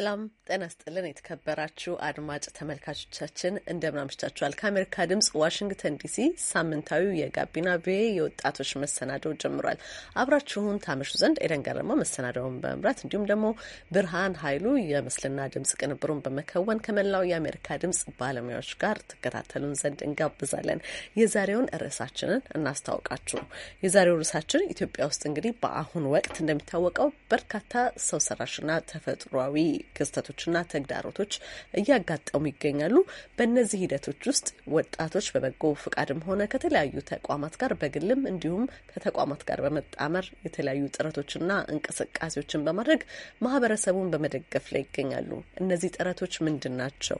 ሰላም ጤና ይስጥልን። የተከበራችሁ አድማጭ ተመልካቾቻችን እንደምን አምሽታችኋል? ከአሜሪካ ድምጽ ዋሽንግተን ዲሲ ሳምንታዊው የጋቢና ቪኦኤ የወጣቶች መሰናደው ጀምሯል። አብራችሁን ታመሹ ዘንድ ኤደን ገረማ መሰናደውን በመምራት እንዲሁም ደግሞ ብርሃን ኃይሉ የምስልና ድምጽ ቅንብሩን በመከወን ከመላው የአሜሪካ ድምጽ ባለሙያዎች ጋር ትከታተሉን ዘንድ እንጋብዛለን። የዛሬውን ርዕሳችንን እናስታውቃችሁ። የዛሬው ርዕሳችን ኢትዮጵያ ውስጥ እንግዲህ በአሁኑ ወቅት እንደሚታወቀው በርካታ ሰው ሰራሽና ተፈጥሯዊ ክስተቶችና ተግዳሮቶች እያጋጠሙ ይገኛሉ። በእነዚህ ሂደቶች ውስጥ ወጣቶች በበጎ ፍቃድም ሆነ ከተለያዩ ተቋማት ጋር በግልም እንዲሁም ከተቋማት ጋር በመጣመር የተለያዩ ጥረቶችና እንቅስቃሴዎችን በማድረግ ማህበረሰቡን በመደገፍ ላይ ይገኛሉ። እነዚህ ጥረቶች ምንድን ናቸው?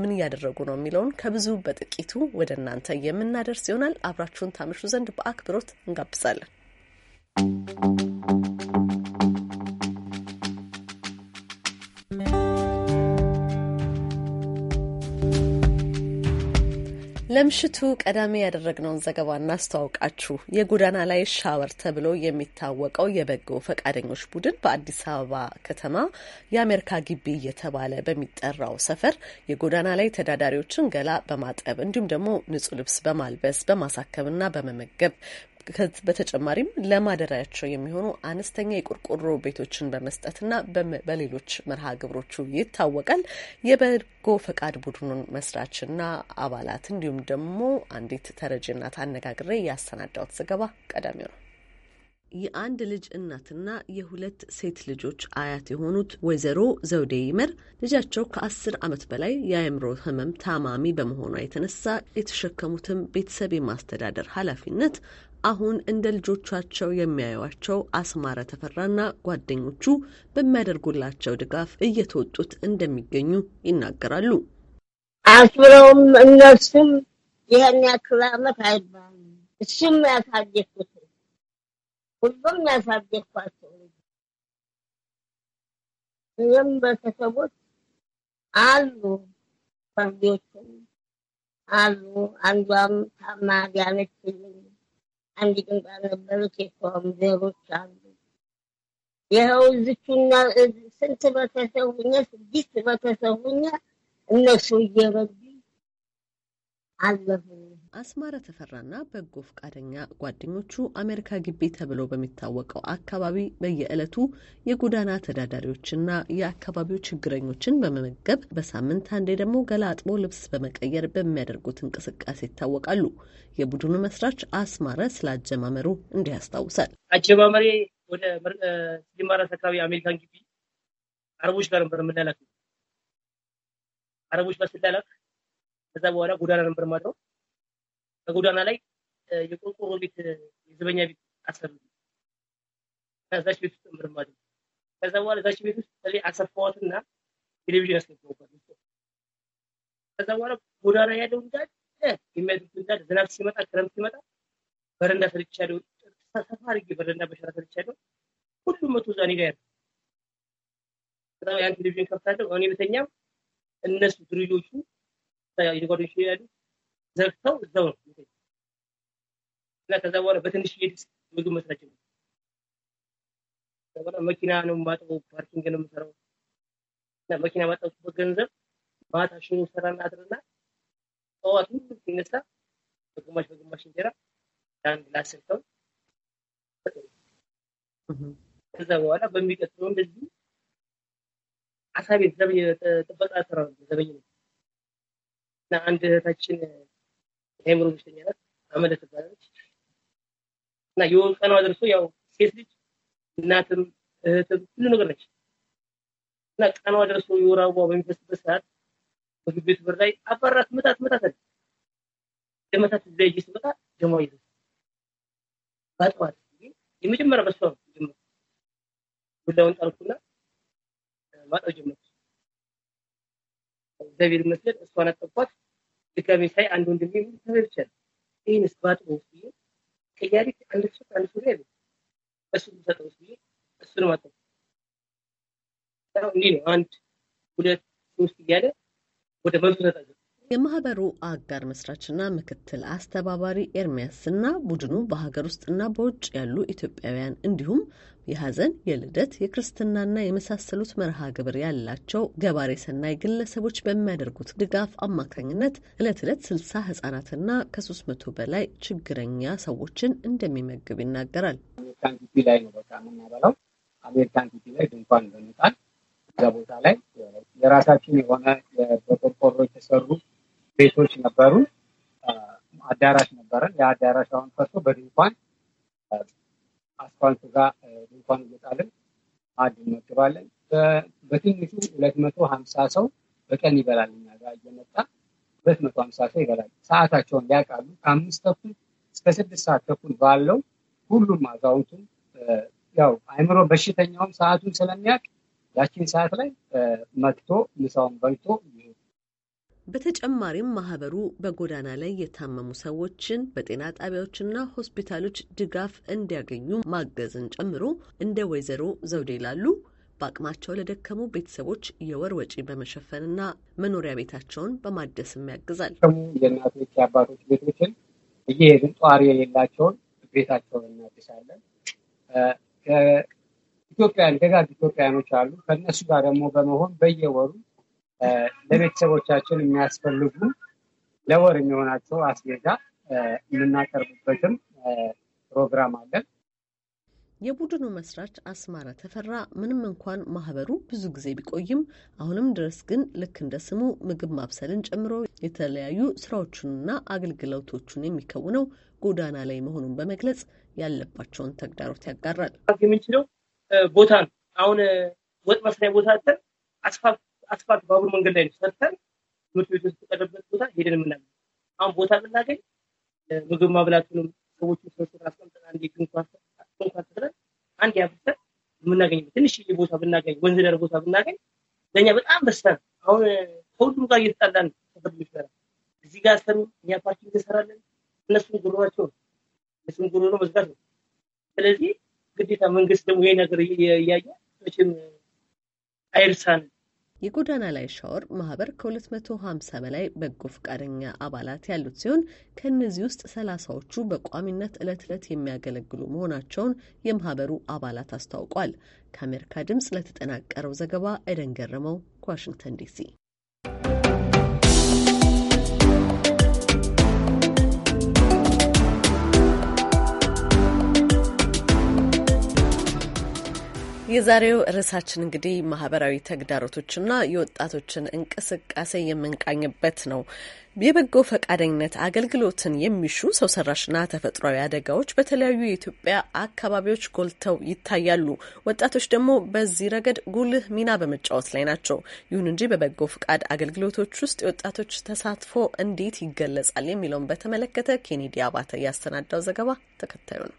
ምን እያደረጉ ነው? የሚለውን ከብዙ በጥቂቱ ወደ እናንተ የምናደርስ ይሆናል። አብራችሁን ታምሹ ዘንድ በአክብሮት እንጋብዛለን። ለምሽቱ ቀዳሚ ያደረግነውን ዘገባ እናስተዋውቃችሁ። የጎዳና ላይ ሻወር ተብሎ የሚታወቀው የበጎ ፈቃደኞች ቡድን በአዲስ አበባ ከተማ የአሜሪካ ግቢ እየተባለ በሚጠራው ሰፈር የጎዳና ላይ ተዳዳሪዎችን ገላ በማጠብ እንዲሁም ደግሞ ንጹህ ልብስ በማልበስ በማሳከብና በመመገብ በተጨማሪም ለማደሪያቸው የሚሆኑ አነስተኛ የቆርቆሮ ቤቶችን በመስጠትና በሌሎች መርሃ ግብሮቹ ይታወቃል። የበጎ ፈቃድ ቡድኑን መስራችና አባላት እንዲሁም ደግሞ አንዲት ተረጂ እናት አነጋግሬ ያሰናዳሁት ዘገባ ቀዳሚው ነው። የአንድ ልጅ እናትና የሁለት ሴት ልጆች አያት የሆኑት ወይዘሮ ዘውዴ ይመር ልጃቸው ከአስር ዓመት በላይ የአእምሮ ሕመም ታማሚ በመሆኗ የተነሳ የተሸከሙትን ቤተሰብ የማስተዳደር ኃላፊነት አሁን እንደ ልጆቻቸው የሚያዩቸው አስማረ ተፈራና ጓደኞቹ በሚያደርጉላቸው ድጋፍ እየተወጡት እንደሚገኙ ይናገራሉ። አስብረውም እነሱም ይህን ያክል አመት አይባልም። እሱም ያሳደግኩት ሁሉም ያሳደግኳቸው ይህም ቤተሰቦች አሉ ፈንጆችም አሉ። አንዷም ታማሚ ያለችልኝ አንድ ጋር ነበሩት የፎረም ዘሮች አሉ። ይኸው እዚቹና ስንት በተሰውኛ ስድስት በተሰውኛ እነሱ እየረዱ አለፉ። አስማረ ተፈራና በጎ ፈቃደኛ ጓደኞቹ አሜሪካ ግቢ ተብሎ በሚታወቀው አካባቢ በየዕለቱ የጎዳና ተዳዳሪዎችና የአካባቢው ችግረኞችን በመመገብ በሳምንት አንዴ ደግሞ ገላጥቦ ልብስ በመቀየር በሚያደርጉት እንቅስቃሴ ይታወቃሉ። የቡድኑ መስራች አስማረ ስለ አጀማመሩ እንዲህ ያስታውሳል። አጀማመሬ ወደ ጅማራስ አካባቢ አሜሪካን ግቢ አረቦች ጋር ነበር የምንላክ። አረቦች ጋር ስላላክ ከዛ በኋላ ጎዳና ነበር ማድረው በጎዳና ላይ የቆርቆሮ ቤት የዘበኛ ቤት አሰሩ። ከዛች ቤት ውስጥ ምርማድ ከዛ በኋላ ዛች ቤት ውስጥ በተለይ አሰፋዋትና ቴሌቪዥን ያስገባውባል። ከዛ በኋላ ጎዳና ያለው እንዳለ የሚያድሩት እንዳለ ዝናብ ሲመጣ ክረምት ሲመጣ በረንዳ ሰርቻለሁ፣ ሰፋ አድርጌ በረንዳ በሸራ ሰርቻለሁ። ሁሉም መቶ እዛ እኔ ጋር ያለ ከዛ ያን ቴሌቪዥን ከፍታለሁ። እኔ በተኛም እነሱ ድርጆቹ የጓደኞች ያሉት ዘግተው እዛው እና ከዛ በኋላ በትንሽ የድስት ምግብ መስራች ነው። ከዛ መኪና ነው የማጠበው፣ ፓርኪንግ ነው የምሰራው እና መኪና ማጠብኩበት ገንዘብ ማታ ሽኑ ሰራና አድርና ጠዋት ሁሉ ሲነሳ በግማሽ በግማሽ እንጀራ ለአንድ ለአስር ሰው ከዛ በኋላ በሚቀጥለው እንደዚህ አሳቤት ዘብ ጥበቃ ስራ ዘበኝ ነው እና አንድ እህታችን የአእምሮ በሽተኛ ናት። አመደ ትባላለች እና የወር ቀኗ ደርሶ ያው ሴት ልጅ እናትም እህትም ሁሉ ነገር ነች እና ቀኗ ደርሶ የወር አበባዋ በሚፈስበት ሰዓት ምግብ ቤት በር ላይ አባራት መታት መታት አለ። ለመታት ዘይ ይዤ ስመጣ ደሟ ይዘ ባጠዋት የመጀመሪያ በሷ ነው ጀመር ዱላውን ጣልኩና ማጠው ጀመር። እግዚአብሔር ይመስገን እሷን አጠብኳት። ድጋሚ ሳይ አንድ ወንድም ወንድሜ ተበልቻል ይህን ስባት ውስ ብዬ ቅያሪ አንድ ሱት አንድ ሱሪ ያለ እሱ ሰጠው ውስ ብዬ እሱን ማጠው እንዲህ ነው። አንድ ሁለት ሶስት እያለ ወደ መልሱ ተጠገ የማህበሩ አጋር መስራችና ምክትል አስተባባሪ ኤርሚያስና ቡድኑ በሀገር ውስጥና በውጭ ያሉ ኢትዮጵያውያን እንዲሁም የሐዘን፣ የልደት፣ የክርስትናና የመሳሰሉት መርሃ ግብር ያላቸው ገባሬ ሰናይ ግለሰቦች በሚያደርጉት ድጋፍ አማካኝነት እለት ዕለት ስልሳ ህጻናትና ከሶስት መቶ በላይ ችግረኛ ሰዎችን እንደሚመግብ ይናገራል። አሜሪካን ግቢ ላይ ነው በቃ የምናበላው። አሜሪካን ላይ ድንኳን በመጣል እዛ ቦታ ላይ የራሳችን የሆነ በቆርቆሮ የተሰሩ ቤቶች ነበሩ። አዳራሽ ነበረን። የአዳራሽ አሁን ፈርሶ በድንኳን አስፋልት ጋ ድንኳን እንወጣለን፣ ማዕድ እንመግባለን። በትንሹ ሁለት መቶ ሀምሳ ሰው በቀን ይበላል። እኛ ጋር እየመጣ ሁለት መቶ ሀምሳ ሰው ይበላል። ሰዓታቸውን ያውቃሉ። ከአምስት ተኩል እስከ ስድስት ሰዓት ተኩል ባለው ሁሉም አዛውንቱም ያው አይምሮ በሽተኛውም ሰዓቱን ስለሚያውቅ ያችን ሰዓት ላይ መጥቶ ምሳውን በልቶ በተጨማሪም ማህበሩ በጎዳና ላይ የታመሙ ሰዎችን በጤና ጣቢያዎችና ሆስፒታሎች ድጋፍ እንዲያገኙ ማገዝን ጨምሮ እንደ ወይዘሮ ዘውዴ ላሉ በአቅማቸው ለደከሙ ቤተሰቦች የወር ወጪ በመሸፈንና መኖሪያ ቤታቸውን በማደስም ያግዛል። የእናቶች የአባቶች ቤቶችን እየሄድን ጧሪ የሌላቸውን ቤታቸውን እናድሳለን። ኢትዮጵያን ደጋግ ኢትዮጵያኖች አሉ። ከእነሱ ጋር ደግሞ በመሆን በየወሩ ለቤተሰቦቻችን የሚያስፈልጉ ለወር የሚሆናቸው አስቤዛ የምናቀርብበትም ፕሮግራም አለን። የቡድኑ መስራች አስማራ ተፈራ ምንም እንኳን ማህበሩ ብዙ ጊዜ ቢቆይም አሁንም ድረስ ግን ልክ እንደ ስሙ ምግብ ማብሰልን ጨምሮ የተለያዩ ስራዎቹንና አገልግሎቶቹን የሚከውነው ጎዳና ላይ መሆኑን በመግለጽ ያለባቸውን ተግዳሮት ያጋራል። የምንችለው ቦታ ነው። አሁን ወጥ መስሪያ ቦታ አስፋፍ አስፋልት ባቡር መንገድ ላይ ሰርተን ትምህርት ቤት ውስጥ ቀደበት ቦታ ሄደን የምናገኝ አሁን ቦታ ብናገኝ ምግብ ማብላቱንም ሰዎች ሰብስበን አስቀምጠን አንድ ድንኳን ትለን አንድ ያብሰን የምናገኝ ትንሽ ቦታ ብናገኝ ወንዝ ዳር ቦታ ብናገኝ ለእኛ በጣም በስተን አሁን ከሁሉም ጋር እየተጣላን ተፈድ ጋር እዚህ ጋር ሰሩ እኛ ፓርኪንግ እንሰራለን፣ እነሱን ጉሮሯቸው እነሱን ጉሮ ነው መዝጋት ነው። ስለዚህ ግዴታ መንግስት ደግሞ ይህ ነገር እያየ መቼም አይርሳን የጎዳና ላይ ሻወር ማህበር ከ250 በላይ በጎ ፈቃደኛ አባላት ያሉት ሲሆን ከእነዚህ ውስጥ ሰላሳዎቹ በቋሚነት ዕለት እለት የሚያገለግሉ መሆናቸውን የማህበሩ አባላት አስታውቋል። ከአሜሪካ ድምጽ ለተጠናቀረው ዘገባ ኤደን ገረመው ከዋሽንግተን ዲሲ የዛሬው ርዕሳችን እንግዲህ ማህበራዊ ተግዳሮቶችና የወጣቶችን እንቅስቃሴ የምንቃኝበት ነው። የበጎ ፈቃደኝነት አገልግሎትን የሚሹ ሰው ሰራሽና ተፈጥሯዊ አደጋዎች በተለያዩ የኢትዮጵያ አካባቢዎች ጎልተው ይታያሉ። ወጣቶች ደግሞ በዚህ ረገድ ጉልህ ሚና በመጫወት ላይ ናቸው። ይሁን እንጂ በበጎ ፈቃድ አገልግሎቶች ውስጥ የወጣቶች ተሳትፎ እንዴት ይገለጻል የሚለውን በተመለከተ ኬኔዲ አባተ ያሰናዳው ዘገባ ተከታዩ ነው።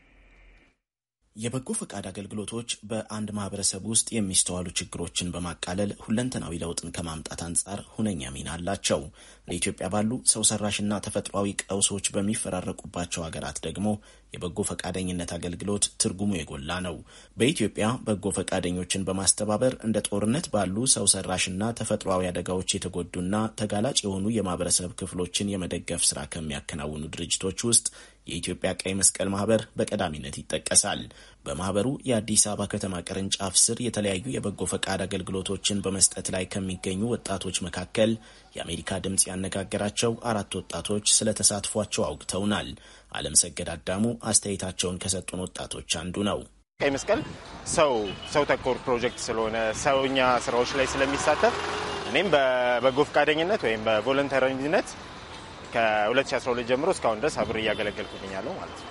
የበጎ ፈቃድ አገልግሎቶች በአንድ ማህበረሰብ ውስጥ የሚስተዋሉ ችግሮችን በማቃለል ሁለንተናዊ ለውጥን ከማምጣት አንጻር ሁነኛ ሚና አላቸው። ለኢትዮጵያ ባሉ ሰው ሰራሽና ተፈጥሯዊ ቀውሶች በሚፈራረቁባቸው ሀገራት ደግሞ የበጎ ፈቃደኝነት አገልግሎት ትርጉሙ የጎላ ነው። በኢትዮጵያ በጎ ፈቃደኞችን በማስተባበር እንደ ጦርነት ባሉ ሰው ሰራሽና ተፈጥሯዊ አደጋዎች የተጎዱና ተጋላጭ የሆኑ የማህበረሰብ ክፍሎችን የመደገፍ ስራ ከሚያከናውኑ ድርጅቶች ውስጥ የኢትዮጵያ ቀይ መስቀል ማህበር በቀዳሚነት ይጠቀሳል። በማህበሩ የአዲስ አበባ ከተማ ቅርንጫፍ ስር የተለያዩ የበጎ ፈቃድ አገልግሎቶችን በመስጠት ላይ ከሚገኙ ወጣቶች መካከል የአሜሪካ ድምፅ ያነጋገራቸው አራት ወጣቶች ስለ ተሳትፏቸው አውግተውናል። አለም ሰገድ አዳሙ አስተያየታቸውን ከሰጡን ወጣቶች አንዱ ነው። ቀይ መስቀል ሰው ሰው ተኮር ፕሮጀክት ስለሆነ ሰውኛ ስራዎች ላይ ስለሚሳተፍ እኔም በበጎ ፈቃደኝነት ወይም በቮለንተሪነት ከ2012 ጀምሮ እስካሁን ድረስ አብሬ እያገለገልኩ ማለት ነው።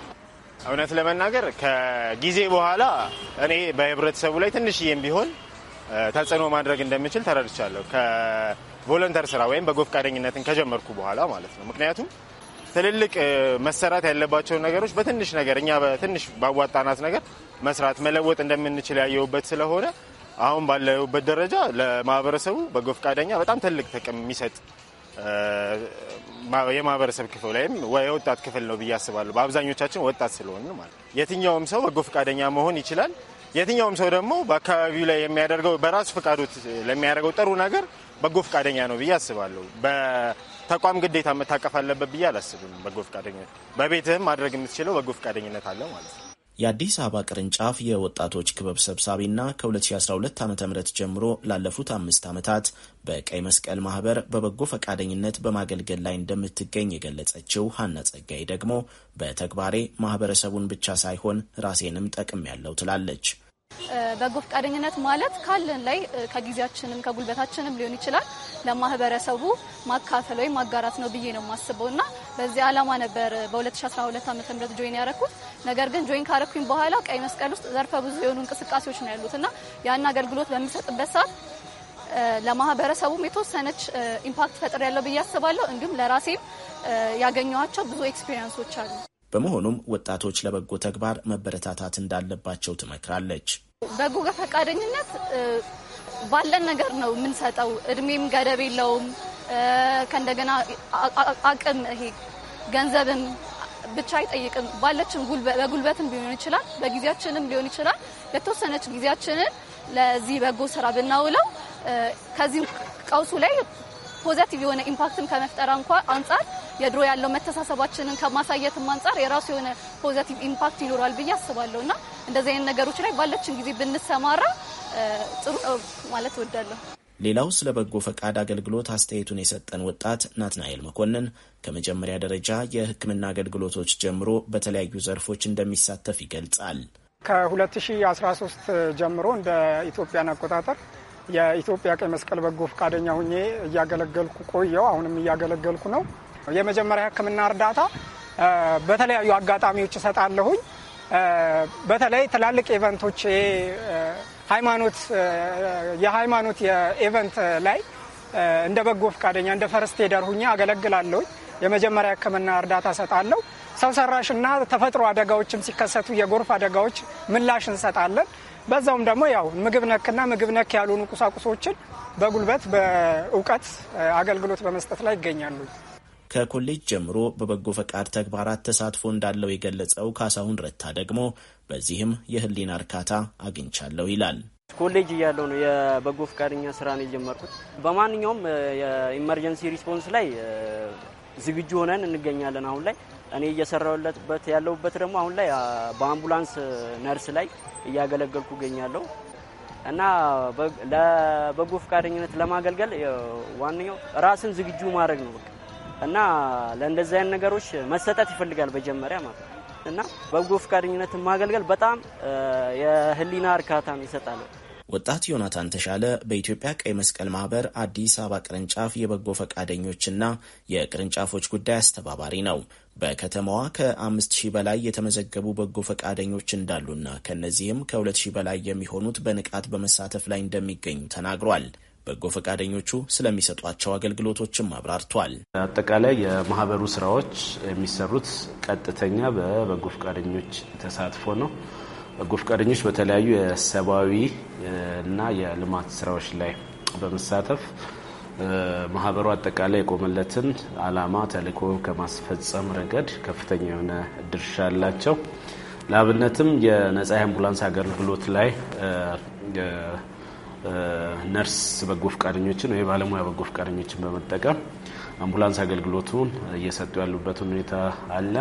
እውነት ለመናገር ከጊዜ በኋላ እኔ በህብረተሰቡ ላይ ትንሽዬም ቢሆን ተጽዕኖ ማድረግ እንደምችል ተረድቻለሁ። ከቮለንተር ስራ ወይም በጎ ፈቃደኝነትን ከጀመርኩ በኋላ ማለት ነው። ምክንያቱም ትልልቅ መሰራት ያለባቸውን ነገሮች በትንሽ ነገር እኛ በትንሽ ባዋጣናት ነገር መስራት መለወጥ እንደምንችል ያየሁበት ስለሆነ አሁን ባለሁበት ደረጃ ለማህበረሰቡ በጎ ፈቃደኛ በጣም ትልቅ ጥቅም የሚሰጥ የማህበረሰብ ክፍል ወይም የወጣት ክፍል ነው ብዬ አስባለሁ። በአብዛኞቻችን ወጣት ስለሆን ማለት የትኛውም ሰው በጎ ፈቃደኛ መሆን ይችላል። የትኛውም ሰው ደግሞ በአካባቢው ላይ የሚያደርገው በራሱ ፈቃዱ ለሚያደርገው ጥሩ ነገር በጎ ፈቃደኛ ነው ብዬ አስባለሁ። በተቋም ግዴታ መታቀፍ አለበት ብዬ አላስብም። በጎ ፈቃደኛ በቤትህም ማድረግ የምትችለው በጎ ፈቃደኝነት አለ ማለት ነው። የአዲስ አበባ ቅርንጫፍ የወጣቶች ክበብ ሰብሳቢና ከ2012 ዓ ም ጀምሮ ላለፉት አምስት ዓመታት በቀይ መስቀል ማህበር በበጎ ፈቃደኝነት በማገልገል ላይ እንደምትገኝ የገለጸችው ሀና ጸጋይ ደግሞ በተግባሬ ማህበረሰቡን ብቻ ሳይሆን ራሴንም ጠቅም ያለው ትላለች። በጎ ፈቃደኝነት ማለት ካለን ላይ ከጊዜያችንም ከጉልበታችንም ሊሆን ይችላል ለማህበረሰቡ ማካፈል ወይም ማጋራት ነው ብዬ ነው የማስበው እና በዚህ አላማ ነበር በ2012 ዓ ም ጆይን ያረኩት። ነገር ግን ጆይን ካረኩኝ በኋላ ቀይ መስቀል ውስጥ ዘርፈ ብዙ የሆኑ እንቅስቃሴዎች ነው ያሉት እና ያን አገልግሎት በሚሰጥበት ሰዓት ለማህበረሰቡም የተወሰነች ኢምፓክት ፈጥር ያለው ብዬ አስባለሁ። እንዲሁም ለራሴም ያገኘኋቸው ብዙ ኤክስፔሪንሶች አሉ። በመሆኑም ወጣቶች ለበጎ ተግባር መበረታታት እንዳለባቸው ትመክራለች። በጎ ፈቃደኝነት ባለን ነገር ነው የምንሰጠው። እድሜም ገደብ የለውም። ከእንደገና አቅም ይሄ ገንዘብም ብቻ አይጠይቅም። ባለችን በጉልበትም ሊሆን ይችላል፣ በጊዜያችንም ሊሆን ይችላል። የተወሰነች ጊዜያችንን ለዚህ በጎ ስራ ብናውለው ከዚህ ቀውሱ ላይ ፖዘቲቭ የሆነ ኢምፓክትም ከመፍጠር አንኳ አንጻር የድሮ ያለው መተሳሰባችንን ከማሳየትም አንጻር የራሱ የሆነ ፖዘቲቭ ኢምፓክት ይኖራል ብዬ አስባለሁ እና እንደዚህ አይነት ነገሮች ላይ ባለችን ጊዜ ብንሰማራ ጥሩ ነው ማለት እወዳለሁ። ሌላው ስለ በጎ ፈቃድ አገልግሎት አስተያየቱን የሰጠን ወጣት ናትናኤል መኮንን ከመጀመሪያ ደረጃ የሕክምና አገልግሎቶች ጀምሮ በተለያዩ ዘርፎች እንደሚሳተፍ ይገልጻል። ከ2013 ጀምሮ እንደ ኢትዮጵያን አቆጣጠር የኢትዮጵያ ቀይ መስቀል በጎ ፈቃደኛ ሁኜ እያገለገልኩ ቆየው። አሁንም እያገለገልኩ ነው። የመጀመሪያ ሕክምና እርዳታ በተለያዩ አጋጣሚዎች እሰጣለሁኝ። በተለይ ትላልቅ ኢቨንቶች ሃይማኖት የሃይማኖት የኢቨንት ላይ እንደ በጎ ፈቃደኛ እንደ ፈርስት ኤደር ሁኜ አገለግላለሁኝ። የመጀመሪያ ሕክምና እርዳታ እሰጣለሁ። ሰው ሰራሽና ተፈጥሮ አደጋዎችም ሲከሰቱ የጎርፍ አደጋዎች ምላሽ እንሰጣለን። በዛውም ደግሞ ያው ምግብ ነክና ምግብ ነክ ያልሆኑ ቁሳቁሶችን በጉልበት በእውቀት አገልግሎት በመስጠት ላይ ይገኛሉ። ከኮሌጅ ጀምሮ በበጎ ፈቃድ ተግባራት ተሳትፎ እንዳለው የገለጸው ካሳሁን ረታ ደግሞ በዚህም የህሊና እርካታ አግኝቻለሁ ይላል። ኮሌጅ እያለው ነው የበጎ ፈቃደኛ ስራ ነው የጀመርኩት። በማንኛውም የኢመርጀንሲ ሪስፖንስ ላይ ዝግጁ ሆነን እንገኛለን። አሁን ላይ እኔ እየሰራበት ያለሁበት ደግሞ አሁን ላይ በአምቡላንስ ነርስ ላይ እያገለገልኩ እገኛለሁ እና ለበጎ ፈቃደኝነት ለማገልገል ዋነኛው ራስን ዝግጁ ማድረግ ነው። እና ለእንደዚህ አይነት ነገሮች መሰጠት ይፈልጋል በጀመሪያ ማለት ነው። እና በጎ ፈቃደኝነትን ማገልገል በጣም የህሊና እርካታን ይሰጣል። ወጣት ዮናታን ተሻለ በኢትዮጵያ ቀይ መስቀል ማህበር አዲስ አበባ ቅርንጫፍ የበጎ ፈቃደኞችና የቅርንጫፎች ጉዳይ አስተባባሪ ነው። በከተማዋ ከአምስት ሺህ በላይ የተመዘገቡ በጎ ፈቃደኞች እንዳሉና ከእነዚህም ከሁለት ሺህ በላይ የሚሆኑት በንቃት በመሳተፍ ላይ እንደሚገኙ ተናግሯል። በጎ ፈቃደኞቹ ስለሚሰጧቸው አገልግሎቶችም አብራርቷል። አጠቃላይ የማህበሩ ስራዎች የሚሰሩት ቀጥተኛ በበጎ ፈቃደኞች ተሳትፎ ነው። በጎ ፈቃደኞች በተለያዩ የሰብአዊ እና የልማት ስራዎች ላይ በመሳተፍ ማህበሩ አጠቃላይ የቆመለትን አላማ ተልዕኮ ከማስፈጸም ረገድ ከፍተኛ የሆነ ድርሻ አላቸው። ለአብነትም የነጻ አምቡላንስ አገልግሎት ላይ ነርስ በጎ ፍቃደኞችን ወይ ባለሙያ በጎ ፍቃደኞችን በመጠቀም አምቡላንስ አገልግሎቱን እየሰጡ ያሉበትን ሁኔታ አለ።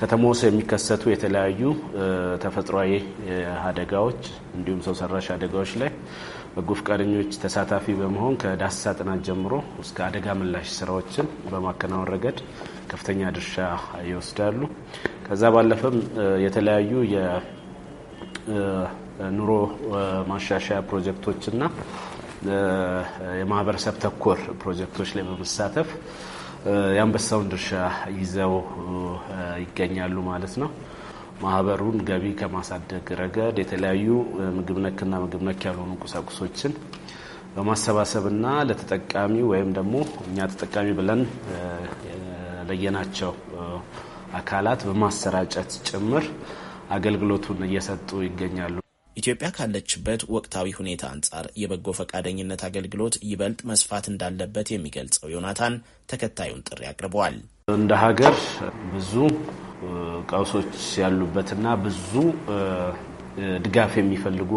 ከተማ ውስጥ የሚከሰቱ የተለያዩ ተፈጥሯዊ አደጋዎች እንዲሁም ሰው ሰራሽ አደጋዎች ላይ በጎ ፍቃደኞች ተሳታፊ በመሆን ከዳሰሳ ጥናት ጀምሮ እስከ አደጋ ምላሽ ስራዎችን በማከናወን ረገድ ከፍተኛ ድርሻ ይወስዳሉ። ከዛ ባለፈም የተለያዩ ኑሮ ማሻሻያ ፕሮጀክቶችና የማህበረሰብ ተኮር ፕሮጀክቶች ላይ በመሳተፍ የአንበሳውን ድርሻ ይዘው ይገኛሉ ማለት ነው። ማህበሩን ገቢ ከማሳደግ ረገድ የተለያዩ ምግብ ነክና ምግብ ነክ ያልሆኑ ቁሳቁሶችን በማሰባሰብና ለተጠቃሚ ወይም ደግሞ እኛ ተጠቃሚ ብለን ለየናቸው አካላት በማሰራጨት ጭምር አገልግሎቱን እየሰጡ ይገኛሉ። ኢትዮጵያ ካለችበት ወቅታዊ ሁኔታ አንጻር የበጎ ፈቃደኝነት አገልግሎት ይበልጥ መስፋት እንዳለበት የሚገልጸው ዮናታን ተከታዩን ጥሪ አቅርበዋል። እንደ ሀገር ብዙ ቀውሶች ያሉበትና ብዙ ድጋፍ የሚፈልጉ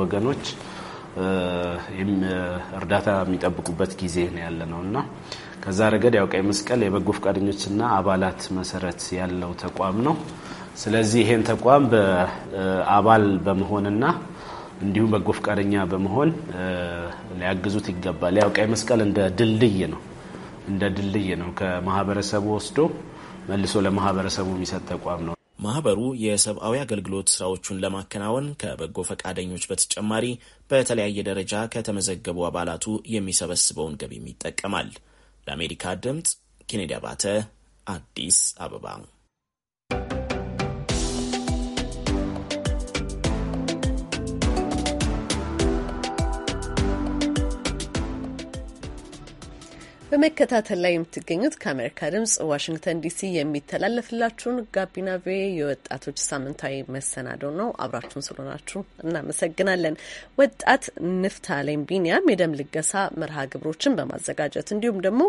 ወገኖች እርዳታ የሚጠብቁበት ጊዜ ነው ያለ ነው እና ከዛ ረገድ ያው ቀይ መስቀል የበጎ ፈቃደኞችና አባላት መሰረት ያለው ተቋም ነው። ስለዚህ ይሄን ተቋም በአባል በመሆንና እንዲሁም በጎ ፈቃደኛ በመሆን ሊያግዙት ይገባል። ያው ቀይ መስቀል እንደ ድልድይ ነው እንደ ድልድይ ነው ከማህበረሰቡ ወስዶ መልሶ ለማህበረሰቡ የሚሰጥ ተቋም ነው። ማህበሩ የሰብአዊ አገልግሎት ስራዎቹን ለማከናወን ከበጎ ፈቃደኞች በተጨማሪ በተለያየ ደረጃ ከተመዘገቡ አባላቱ የሚሰበስበውን ገቢም ይጠቀማል። ለአሜሪካ ድምፅ ኬኔዲ አባተ አዲስ አበባ በመከታተል ላይ የምትገኙት ከአሜሪካ ድምጽ ዋሽንግተን ዲሲ የሚተላለፍላችሁን ጋቢና ቪኦኤ የወጣቶች ሳምንታዊ መሰናዶ ነው። አብራችሁን ስለሆናችሁ እናመሰግናለን። ወጣት ንፍታሌም ቢኒያም የደም ልገሳ መርሃ ግብሮችን በማዘጋጀት እንዲሁም ደግሞ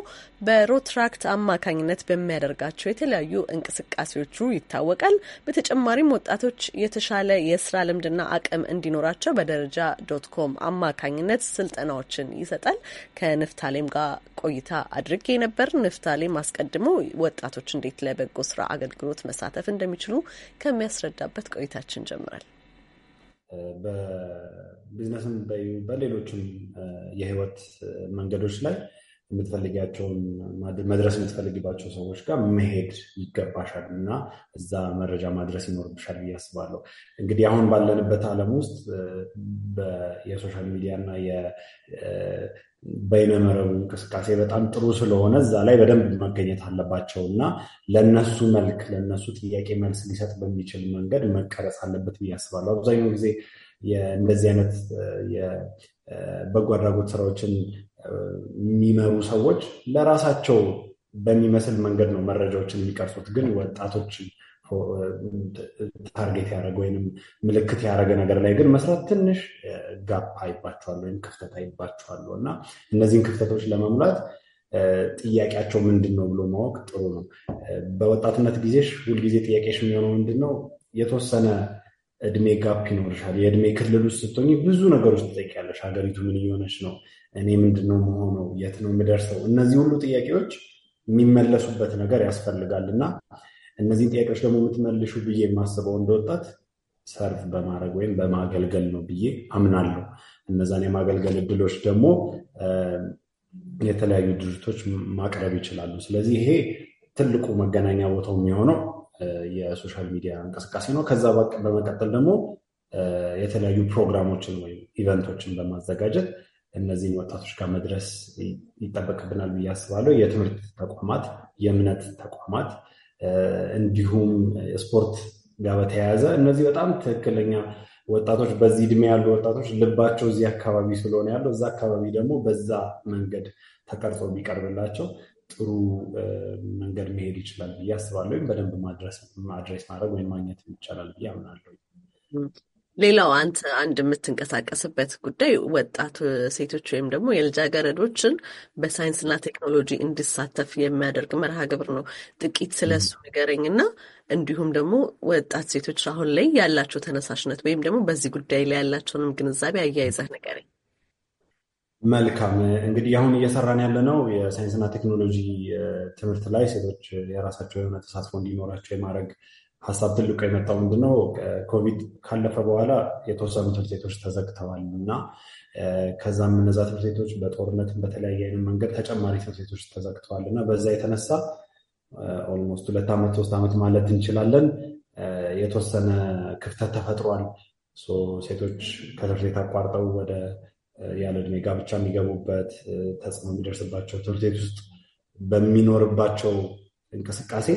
በሮትራክት አማካኝነት በሚያደርጋቸው የተለያዩ እንቅስቃሴዎቹ ይታወቃል። በተጨማሪም ወጣቶች የተሻለ የስራ ልምድና አቅም እንዲኖራቸው በደረጃ ዶት ኮም አማካኝነት ስልጠናዎችን ይሰጣል። ከንፍታሌም ጋር ቆይታ አድርጌ ነበር። ንፍታሌም አስቀድሞ ወጣቶች እንዴት ለበጎ ስራ አገልግሎት መሳተፍ እንደሚችሉ ከሚያስረዳበት ቆይታችን ጀምራል። በቢዝነስም በሌሎችም የህይወት መንገዶች ላይ የምትፈልጊያቸውን መድረስ የምትፈልግባቸው ሰዎች ጋር መሄድ ይገባሻል እና እዛ መረጃ ማድረስ ይኖርብሻል ብዬ አስባለሁ። እንግዲህ አሁን ባለንበት ዓለም ውስጥ የሶሻል ሚዲያ እና በይነመረቡ እንቅስቃሴ በጣም ጥሩ ስለሆነ እዛ ላይ በደንብ መገኘት አለባቸው እና ለእነሱ መልክ ለእነሱ ጥያቄ መልስ ሊሰጥ በሚችል መንገድ መቀረጽ አለበት ብዬ አስባለሁ። አብዛኛው ጊዜ እንደዚህ አይነት የበጎ አድራጎት ስራዎችን የሚመሩ ሰዎች ለራሳቸው በሚመስል መንገድ ነው መረጃዎችን የሚቀርጹት። ግን ወጣቶች ታርጌት ያደረገ ወይም ምልክት ያደረገ ነገር ላይ ግን መስራት ትንሽ ጋፕ አይባቸዋል ወይም ክፍተት አይባቸዋሉ እና እነዚህን ክፍተቶች ለመሙላት ጥያቄያቸው ምንድን ነው ብሎ ማወቅ ጥሩ ነው። በወጣትነት ጊዜሽ ሁልጊዜ ጥያቄሽ የሚሆነው ምንድን ነው? የተወሰነ እድሜ ጋፕ ይኖርሻል። የእድሜ ክልል ውስጥ ስትሆኝ ብዙ ነገሮች ትጠይቂያለሽ። ሀገሪቱ ምን እየሆነች ነው? እኔ ምንድን ነው መሆነው? የት ነው የምደርሰው? እነዚህ ሁሉ ጥያቄዎች የሚመለሱበት ነገር ያስፈልጋል እና እነዚህን ጥያቄዎች ደግሞ የምትመልሹ ብዬ የማስበው እንደወጣት ሰርቭ በማድረግ ወይም በማገልገል ነው ብዬ አምናለሁ። እነዛን የማገልገል እድሎች ደግሞ የተለያዩ ድርጅቶች ማቅረብ ይችላሉ። ስለዚህ ይሄ ትልቁ መገናኛ ቦታው የሚሆነው የሶሻል ሚዲያ እንቅስቃሴ ነው። ከዛ በመቀጠል ደግሞ የተለያዩ ፕሮግራሞችን ወይም ኢቨንቶችን በማዘጋጀት እነዚህን ወጣቶች ጋር መድረስ ይጠበቅብናል ብዬ አስባለሁ። የትምህርት ተቋማት፣ የእምነት ተቋማት እንዲሁም ስፖርት ጋር በተያያዘ እነዚህ በጣም ትክክለኛ ወጣቶች በዚህ እድሜ ያሉ ወጣቶች ልባቸው እዚህ አካባቢ ስለሆነ ያለው እዛ አካባቢ ደግሞ በዛ መንገድ ተቀርጾ ቢቀርብላቸው ጥሩ መንገድ መሄድ ይችላል ብዬ አስባለሁ። ወይም በደንብ ማድረስ ማድረስ ማድረግ ወይም ማግኘት ይቻላል ብዬ አምናለሁ። ሌላው አንተ አንድ የምትንቀሳቀስበት ጉዳይ ወጣት ሴቶች ወይም ደግሞ የልጃገረዶችን በሳይንስና ቴክኖሎጂ እንዲሳተፍ የሚያደርግ መርሃ ግብር ነው። ጥቂት ስለሱ ንገረኝና እንዲሁም ደግሞ ወጣት ሴቶች አሁን ላይ ያላቸው ተነሳሽነት ወይም ደግሞ በዚህ ጉዳይ ላይ ያላቸውንም ግንዛቤ አያይዘህ ንገረኝ። መልካም እንግዲህ አሁን እየሰራን ያለነው የሳይንስና ቴክኖሎጂ ትምህርት ላይ ሴቶች የራሳቸው የሆነ ተሳትፎ እንዲኖራቸው የማድረግ ሀሳብ ትልቁ የመጣው ምንድነው ኮቪድ ካለፈ በኋላ የተወሰኑ ትምህርት ቤቶች ተዘግተዋል እና ከዛም እነዛ ትምህርት ቤቶች በጦርነት በተለያየ አይነት መንገድ ተጨማሪ ትምህርት ቤቶች ተዘግተዋል እና በዛ የተነሳ ኦልሞስት ሁለት ዓመት ሶስት ዓመት ማለት እንችላለን የተወሰነ ክፍተት ተፈጥሯል። ሴቶች ከትምህርት ቤት አቋርጠው ወደ ያለ እድሜ ጋብቻ የሚገቡበት ተጽዕኖ የሚደርስባቸው ትምህርት ቤት ውስጥ በሚኖርባቸው እንቅስቃሴ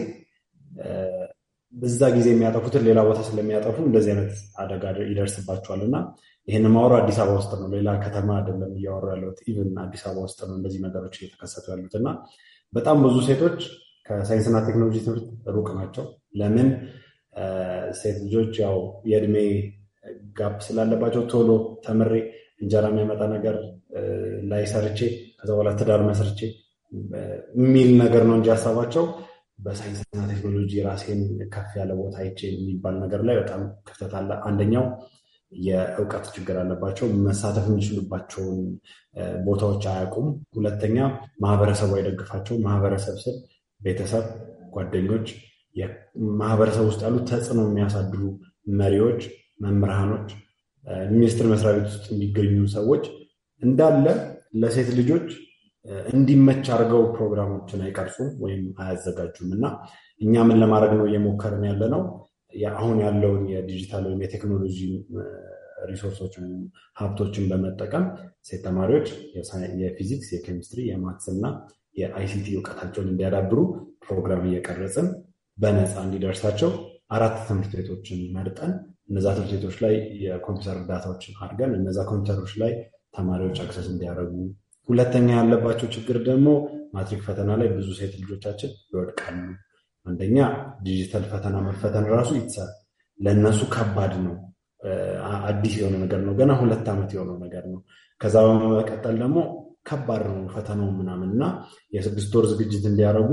በዛ ጊዜ የሚያጠፉትን ሌላ ቦታ ስለሚያጠፉ እንደዚህ አይነት አደጋ ይደርስባቸዋል እና ይህን ማወሩ አዲስ አበባ ውስጥ ነው፣ ሌላ ከተማ አይደለም እያወሩ ያለት ኢቨን አዲስ አበባ ውስጥ ነው እንደዚህ ነገሮች እየተከሰቱ ያሉት እና በጣም ብዙ ሴቶች ከሳይንስና ቴክኖሎጂ ትምህርት ሩቅ ናቸው። ለምን ሴት ልጆች ያው የእድሜ ጋፕ ስላለባቸው ቶሎ ተምሬ እንጀራ የሚያመጣ ነገር ላይ ሰርቼ ከዛ በኋላ ትዳር መስርቼ የሚል ነገር ነው እንጂ ያሳባቸው በሳይንስና ቴክኖሎጂ ራሴን ከፍ ያለ ቦታ አይቼ የሚባል ነገር ላይ በጣም ክፍተት አለ። አንደኛው የእውቀት ችግር አለባቸው። መሳተፍ የሚችሉባቸውን ቦታዎች አያውቁም። ሁለተኛ ማህበረሰቡ አይደግፋቸው ማህበረሰብ ስል ቤተሰብ፣ ጓደኞች፣ ማህበረሰብ ውስጥ ያሉ ተጽዕኖ የሚያሳድሩ መሪዎች፣ መምህራኖች፣ ሚኒስትር መስሪያ ቤት ውስጥ የሚገኙ ሰዎች እንዳለ ለሴት ልጆች እንዲመች አድርገው ፕሮግራሞችን አይቀርጹም ወይም አያዘጋጁም እና እኛ ምን ለማድረግ ነው እየሞከርን ያለ ነው አሁን ያለውን የዲጂታል ወይም የቴክኖሎጂ ሪሶርሶችን ሀብቶችን በመጠቀም ሴት ተማሪዎች የፊዚክስ፣ የኬሚስትሪ፣ የማትስ እና የአይሲቲ እውቀታቸውን እንዲያዳብሩ ፕሮግራም እየቀረጽን በነፃ እንዲደርሳቸው አራት ትምህርት ቤቶችን መርጠን እነዛ ትምህርት ቤቶች ላይ የኮምፒውተር እርዳታዎችን አድርገን እነዛ ኮምፒውተሮች ላይ ተማሪዎች አክሰስ እንዲያደርጉ ሁለተኛ ያለባቸው ችግር ደግሞ ማትሪክ ፈተና ላይ ብዙ ሴት ልጆቻችን ይወድቃሉ። አንደኛ ዲጂታል ፈተና መፈተን ራሱ ይትሳል ለእነሱ ከባድ ነው። አዲስ የሆነ ነገር ነው። ገና ሁለት ዓመት የሆነው ነገር ነው። ከዛ በመቀጠል ደግሞ ከባድ ነው ፈተናው ምናምን እና የስድስት ወር ዝግጅት እንዲያደርጉ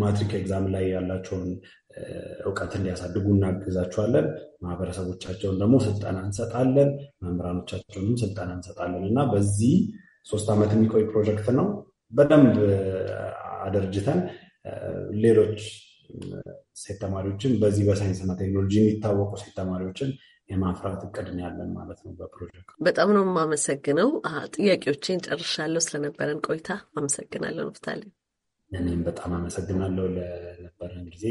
የማትሪክ ኤግዛም ላይ ያላቸውን እውቀት እንዲያሳድጉ እናግዛቸዋለን። ማህበረሰቦቻቸውን ደግሞ ስልጠና እንሰጣለን። መምህራኖቻቸውንም ስልጠና እንሰጣለን እና በዚህ ሶስት ዓመት የሚቆይ ፕሮጀክት ነው። በደንብ አደርጅተን ሌሎች ሴት ተማሪዎችን በዚህ በሳይንስና ቴክኖሎጂ የሚታወቁ ሴት ተማሪዎችን የማፍራት እቅድ ያለን ማለት ነው በፕሮጀክት። በጣም ነው የማመሰግነው። ጥያቄዎችን ጨርሻለሁ። ስለነበረን ቆይታ አመሰግናለሁ። ንፍታለን። እኔም በጣም አመሰግናለሁ ለነበረን ጊዜ።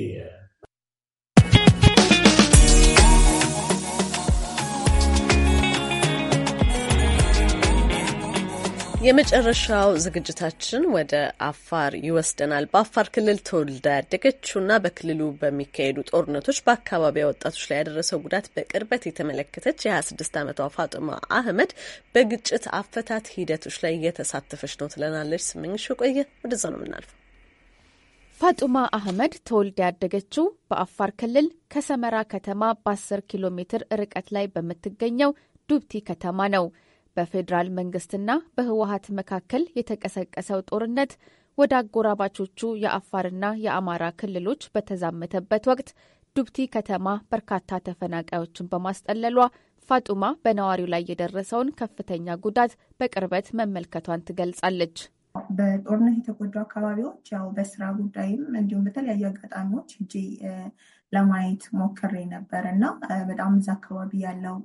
የመጨረሻው ዝግጅታችን ወደ አፋር ይወስደናል። በአፋር ክልል ተወልዳ ያደገችውና በክልሉ በሚካሄዱ ጦርነቶች በአካባቢያ ወጣቶች ላይ ያደረሰው ጉዳት በቅርበት የተመለከተች የ26 ዓመቷ ፋጡማ አህመድ በግጭት አፈታት ሂደቶች ላይ እየተሳተፈች ነው ትለናለች። ስምኝሽ ቆየ ወደዛ ነው የምናልፈው። ፋጡማ አህመድ ተወልዳ ያደገችው በአፋር ክልል ከሰመራ ከተማ በ10 ኪሎ ሜትር ርቀት ላይ በምትገኘው ዱብቲ ከተማ ነው። በፌዴራል መንግስትና በህወሀት መካከል የተቀሰቀሰው ጦርነት ወደ አጎራባቾቹ የአፋርና የአማራ ክልሎች በተዛመተበት ወቅት ዱብቲ ከተማ በርካታ ተፈናቃዮችን በማስጠለሏ ፋጡማ በነዋሪው ላይ የደረሰውን ከፍተኛ ጉዳት በቅርበት መመልከቷን ትገልጻለች። በጦርነት የተጎዱ አካባቢዎች ያው በስራ ጉዳይም እንዲሁም በተለያዩ አጋጣሚዎች እጅ ለማየት ሞክሬ ነበር እና በጣም እዛ አካባቢ ያለው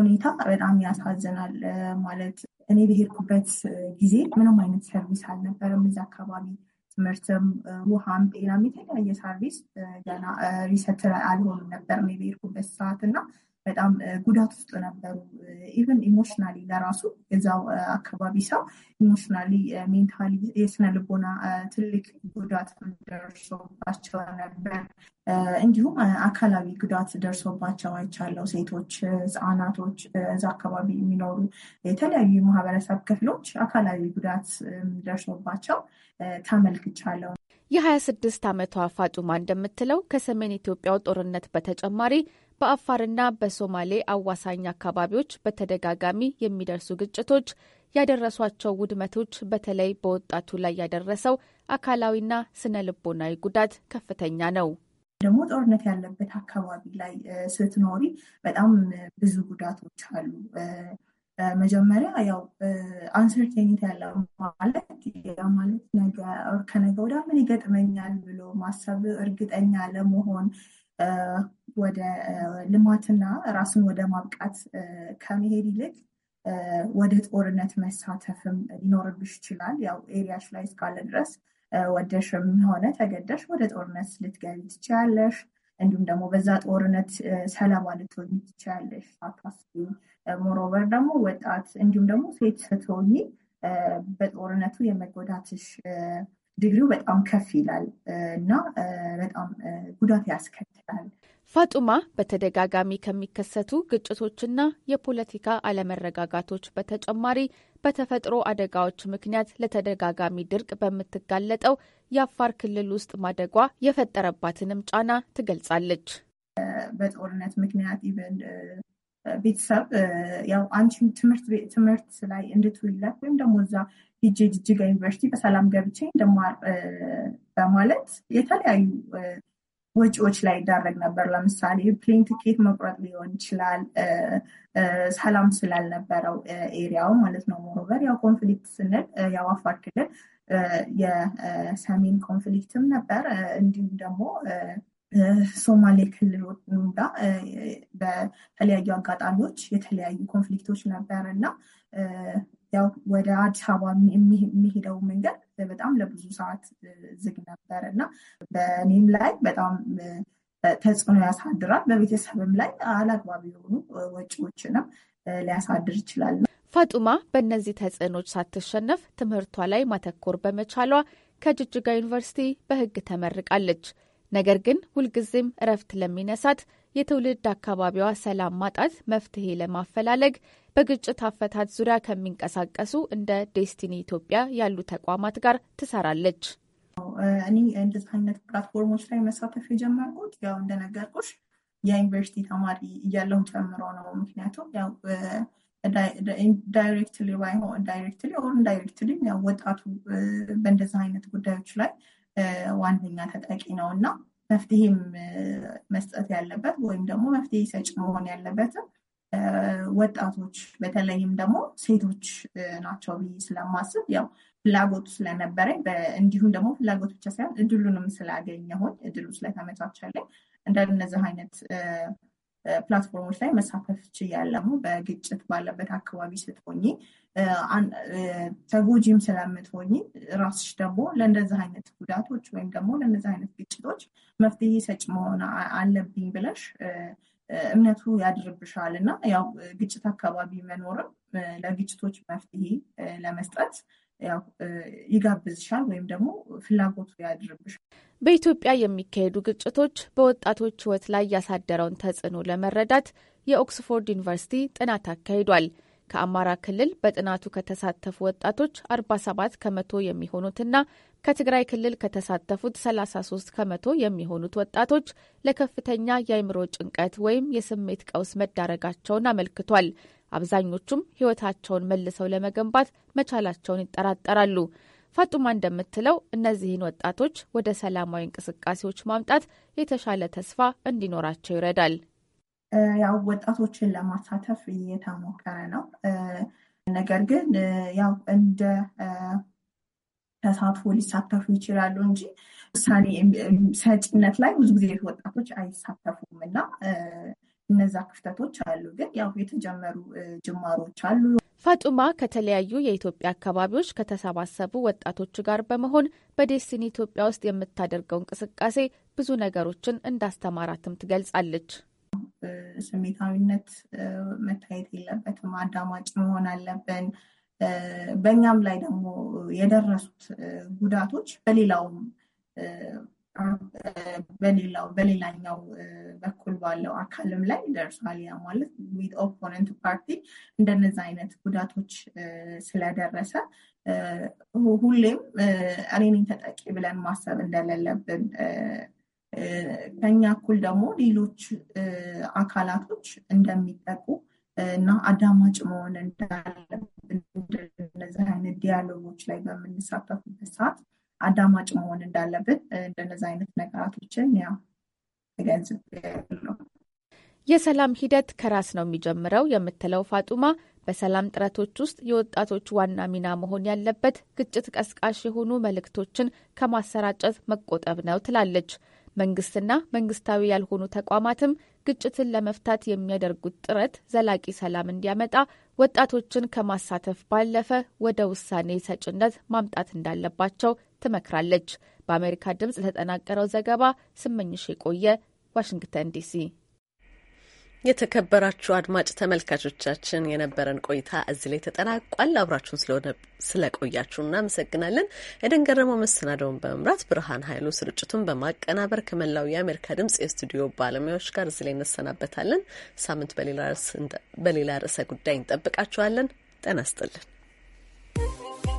ሁኔታ በጣም ያሳዝናል። ማለት እኔ በሄድኩበት ጊዜ ምንም አይነት ሰርቪስ አልነበረም እዚ አካባቢ ትምህርትም፣ ውሃም፣ ጤናም የተለያየ ሰርቪስ ገና ሪሰርች አልሆኑም ነበር እኔ በሄድኩበት ሰዓት እና በጣም ጉዳት ውስጥ ነበሩ። ኢቨን ኢሞሽናሊ ለራሱ የዛው አካባቢ ሰው ኢሞሽናሊ፣ ሜንታሊ የስነ ልቦና ትልቅ ጉዳት ደርሶባቸው ነበር። እንዲሁም አካላዊ ጉዳት ደርሶባቸው አይቻለው። ሴቶች፣ ህፃናቶች፣ እዛ አካባቢ የሚኖሩ የተለያዩ የማህበረሰብ ክፍሎች አካላዊ ጉዳት ደርሶባቸው ተመልክቻለሁ። የ26 ዓመቷ ፋጡማ እንደምትለው ከሰሜን ኢትዮጵያው ጦርነት በተጨማሪ በአፋርና በሶማሌ አዋሳኝ አካባቢዎች በተደጋጋሚ የሚደርሱ ግጭቶች ያደረሷቸው ውድመቶች በተለይ በወጣቱ ላይ ያደረሰው አካላዊና ስነ ልቦናዊ ጉዳት ከፍተኛ ነው። ደግሞ ጦርነት ያለበት አካባቢ ላይ ስትኖሪ በጣም ብዙ ጉዳቶች አሉ። መጀመሪያ ያው አንሰርቴኒት ያለው ማለት ማለት ከነገ ወዲያ ምን ይገጥመኛል ብሎ ማሰብ፣ እርግጠኛ ለመሆን ወደ ልማትና ራስን ወደ ማብቃት ከመሄድ ይልቅ ወደ ጦርነት መሳተፍም ሊኖርብሽ ይችላል። ያው ኤሪያሽ ላይ እስካለ ድረስ ወደሽም ሆነ ተገደሽ ወደ ጦርነት ልትገቢ ትችያለሽ። እንዲሁም ደግሞ በዛ ጦርነት ሰለባ ልትሆኝ ትችያለሽ ሳታስቢ። ሞሮቨር ደግሞ ወጣት እንዲሁም ደግሞ ሴት ስትሆኚ በጦርነቱ የመጎዳትሽ ዲግሪው በጣም ከፍ ይላል እና በጣም ጉዳት ያስከትላል። ፋጡማ በተደጋጋሚ ከሚከሰቱ ግጭቶችና የፖለቲካ አለመረጋጋቶች በተጨማሪ በተፈጥሮ አደጋዎች ምክንያት ለተደጋጋሚ ድርቅ በምትጋለጠው የአፋር ክልል ውስጥ ማደጓ የፈጠረባትንም ጫና ትገልጻለች። በጦርነት ምክንያት ኢቨን ቤተሰብ ያው አንቺም ትምህርት ላይ እንድትውይላት ወይም ደግሞ እዛ ሄጄ ጅጅጋ ዩኒቨርሲቲ በሰላም ገብቼ እንደማር በማለት የተለያዩ ወጪዎች ላይ ይዳረግ ነበር። ለምሳሌ ፕሌን ትኬት መቁረጥ ሊሆን ይችላል። ሰላም ስላልነበረው ኤሪያው ማለት ነው። ሞሮቨር ያው ኮንፍሊክት ስንል ያው አፋር ክልል የሰሜን ኮንፍሊክትም ነበር እንዲሁም ደግሞ ሶማሌ ክልል ጋር በተለያዩ አጋጣሚዎች የተለያዩ ኮንፍሊክቶች ነበር እና ያው ወደ አዲስ አበባ የሚሄደው መንገድ በጣም ለብዙ ሰዓት ዝግ ነበር እና በእኔም ላይ በጣም ተጽዕኖ ያሳድራል። በቤተሰብም ላይ አላግባብ የሆኑ ወጪዎችንም ሊያሳድር ይችላል። ፋጡማ በእነዚህ ተጽዕኖች ሳትሸነፍ ትምህርቷ ላይ ማተኮር በመቻሏ ከጅጅጋ ዩኒቨርሲቲ በሕግ ተመርቃለች። ነገር ግን ሁልጊዜም እረፍት ለሚነሳት የትውልድ አካባቢዋ ሰላም ማጣት መፍትሄ ለማፈላለግ በግጭት አፈታት ዙሪያ ከሚንቀሳቀሱ እንደ ዴስቲኒ ኢትዮጵያ ያሉ ተቋማት ጋር ትሰራለች። እኔ እንደዚህ አይነት ፕላትፎርሞች ላይ መሳተፍ የጀመርኩት ያው እንደነገርኩሽ የዩኒቨርሲቲ ተማሪ እያለሁ ጨምሮ ነው። ምክንያቱም ያው ዳይሬክትሊ ባይሆን ዳይሬክትሊ ኦር ኢንዳይሬክትሊ ያው ወጣቱ በእንደዚህ አይነት ጉዳዮች ላይ ዋነኛ ተጠቂ ነው እና መፍትሄም መስጠት ያለበት ወይም ደግሞ መፍትሄ ሰጭ መሆን ያለበትም ወጣቶች በተለይም ደግሞ ሴቶች ናቸው ብዬ ስለማስብ ያው ፍላጎቱ ስለነበረኝ እንዲሁም ደግሞ ፍላጎት ብቻ ሳይሆን እድሉንም ስላገኘሁኝ እድሉ ስለተመቻቸልኝ እነዚህ አይነት ፕላትፎርሞች ላይ መሳተፍ ችያለሁ። በግጭት ባለበት አካባቢ ስትሆኝ ተጎጂም ስለምትሆኝ ራስሽ ደግሞ ለእንደዚህ አይነት ጉዳቶች ወይም ደግሞ ለእንደዚህ አይነት ግጭቶች መፍትሄ ሰጭ መሆን አለብኝ ብለሽ እምነቱ ያድርብሻል እና ያው ግጭት አካባቢ መኖርም ለግጭቶች መፍትሄ ለመስጠት ያው ይጋብዝሻል ወይም ደግሞ ፍላጎቱ ያድርብሻል። በኢትዮጵያ የሚካሄዱ ግጭቶች በወጣቶች ሕይወት ላይ ያሳደረውን ተጽዕኖ ለመረዳት የኦክስፎርድ ዩኒቨርሲቲ ጥናት አካሂዷል። ከአማራ ክልል በጥናቱ ከተሳተፉ ወጣቶች 47 ከመቶ የሚሆኑትና ከትግራይ ክልል ከተሳተፉት 33 ከመቶ የሚሆኑት ወጣቶች ለከፍተኛ የአእምሮ ጭንቀት ወይም የስሜት ቀውስ መዳረጋቸውን አመልክቷል። አብዛኞቹም ህይወታቸውን መልሰው ለመገንባት መቻላቸውን ይጠራጠራሉ። ፋጡማ እንደምትለው እነዚህን ወጣቶች ወደ ሰላማዊ እንቅስቃሴዎች ማምጣት የተሻለ ተስፋ እንዲኖራቸው ይረዳል። ያው ወጣቶችን ለማሳተፍ እየተሞከረ ነው። ነገር ግን ያው እንደ ተሳትፎ ሊሳተፉ ይችላሉ እንጂ ውሳኔ ሰጪነት ላይ ብዙ ጊዜ ወጣቶች አይሳተፉም እና እነዛ ክፍተቶች አሉ። ግን ያው የተጀመሩ ጅማሮች አሉ። ፋጡማ ከተለያዩ የኢትዮጵያ አካባቢዎች ከተሰባሰቡ ወጣቶች ጋር በመሆን በዴስቲኒ ኢትዮጵያ ውስጥ የምታደርገው እንቅስቃሴ ብዙ ነገሮችን እንዳስተማራትም ትገልጻለች። ስሜታዊነት መታየት የለበትም፣ አዳማጭ መሆን አለብን። በእኛም ላይ ደግሞ የደረሱት ጉዳቶች በሌላውም በሌላው በሌላኛው በኩል ባለው አካልም ላይ ደርሷል። ያ ማለት ዊት ኦፖነንት ፓርቲ እንደነዛ አይነት ጉዳቶች ስለደረሰ ሁሌም እኔን ተጠቂ ብለን ማሰብ እንደሌለብን ከኛ እኩል ደግሞ ሌሎች አካላቶች እንደሚጠቁ እና አዳማጭ መሆን እንዳለብን እንደነዚህ አይነት ዲያሎጎች ላይ በምንሳተፉበት ሰዓት አዳማጭ መሆን እንዳለብን እንደነዚ አይነት ነገራቶችን ያው ተገንዝብ ነው። የሰላም ሂደት ከራስ ነው የሚጀምረው የምትለው ፋጡማ በሰላም ጥረቶች ውስጥ የወጣቶች ዋና ሚና መሆን ያለበት ግጭት ቀስቃሽ የሆኑ መልእክቶችን ከማሰራጨት መቆጠብ ነው ትላለች። መንግስትና መንግስታዊ ያልሆኑ ተቋማትም ግጭትን ለመፍታት የሚያደርጉት ጥረት ዘላቂ ሰላም እንዲያመጣ ወጣቶችን ከማሳተፍ ባለፈ ወደ ውሳኔ ሰጭነት ማምጣት እንዳለባቸው ትመክራለች። በአሜሪካ ድምፅ ለተጠናቀረው ዘገባ ስመኝሽ የቆየ ዋሽንግተን ዲሲ። የተከበራችሁ አድማጭ ተመልካቾቻችን የነበረን ቆይታ እዚህ ላይ ተጠናቋል። አብራችሁን ስለቆያችሁ እናመሰግናለን። ኤደን ገረመው መሰናደውን በመምራት ብርሃን ኃይሉ ስርጭቱን በማቀናበር ከመላው የአሜሪካ ድምጽ የስቱዲዮ ባለሙያዎች ጋር እዚህ ላይ እንሰናበታለን። ሳምንት በሌላ ርዕሰ ጉዳይ እንጠብቃችኋለን። ጤና ይስጥልን።